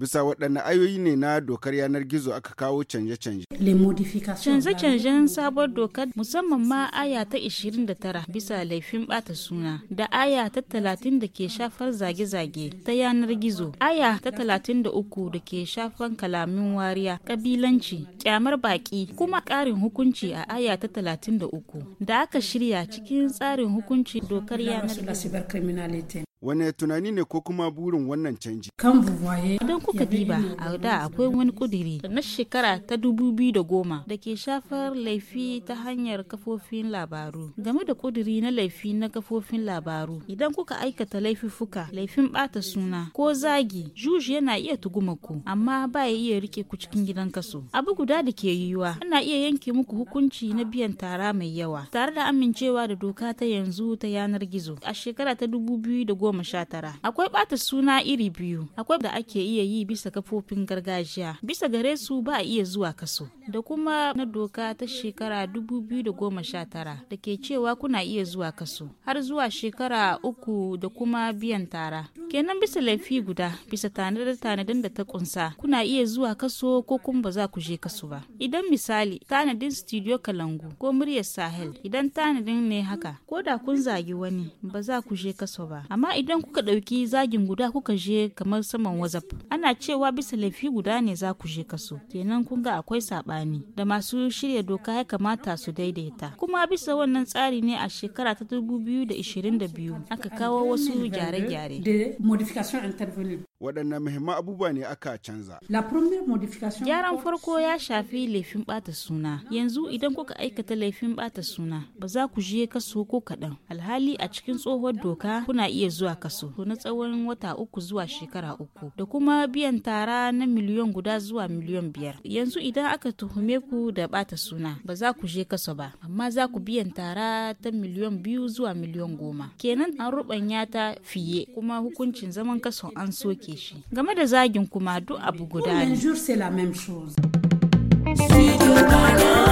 Bisa waɗanne ayoyi ne na dokar yanar gizo aka kawo canje-canje. Canje-canjen sabon dokar musamman ma aya ta 29 bisa laifin bata suna da aya ta 30 da ke shafar zage-zage ta yanar gizo. Aya ta 33 da ke shafar kalamin wariya, kabilanci, kyamar baƙi kuma ƙarin hukunci a aya ta 33 da aka shirya cikin tsarin hukunci dokar yanar gizo. wane tunani ne ko kuma burin wannan canji kan buwaye don kuka diba a da akwai wani kudiri na shekara ta dubu biyu da goma da ke shafar laifi ta hanyar kafofin labaru game da kudiri na laifi na kafofin labaru idan kuka aikata laifuka laifin bata suna ko zagi juji yana iya tuguma ku amma ba ya iya rike ku cikin gidan kaso abu guda da ke yiwuwa ana iya yanke muku hukunci na biyan tara mai yawa tare da amincewa da doka ta yanzu ta yanar gizo a shekara ta dubu biyu da goma goma sha tara. Akwai bata suna iri biyu, akwai da ake iya yi bisa kafofin gargajiya, bisa gare su ba a iya zuwa kaso. Da kuma na doka ta shekara dubu biyu da goma sha tara da ke cewa kuna iya zuwa kaso har zuwa shekara uku da kuma biyan tara. kenan bisa laifi guda bisa tanadar-tanadin da ta kunsa kuna iya zuwa kaso ko kuma ba za ku je kaso ba idan misali tanadin studio kalangu ko muryar sahel idan tanadin ne haka ko da kun zagi wani ba za ku je kaso ba amma idan kuka ɗauki zagin guda kuka je kamar saman wazaf ana cewa bisa laifi guda ne za ku je kaso kenan kun ga akwai saɓani da masu shirya doka ya kamata su daidaita kuma bisa wannan tsari ne a shekara ta 2022 aka kawo wasu gyare-gyare modification intervenue. Waɗannan muhimman abubuwa ne aka canza. La première modification. Gyaran farko ya shafi laifin ɓata suna. Yanzu idan kuka aikata laifin ɓata suna ba za ku je kaso ko kaɗan. Alhali a cikin tsohuwar doka kuna iya zuwa kaso to na tsawon wata uku zuwa shekara uku da kuma biyan tara na miliyon guda zuwa miliyon biyar. Yanzu idan aka tuhume ku da ɓata suna ba za ku je kaso ba amma za ku biyan tara ta miliyon biyu zuwa miliyon goma. Kenan an ruɓanya ta fiye kuma hukunci hukuncin zaman kaso an soke shi game da zagin kuma duk abu guda ne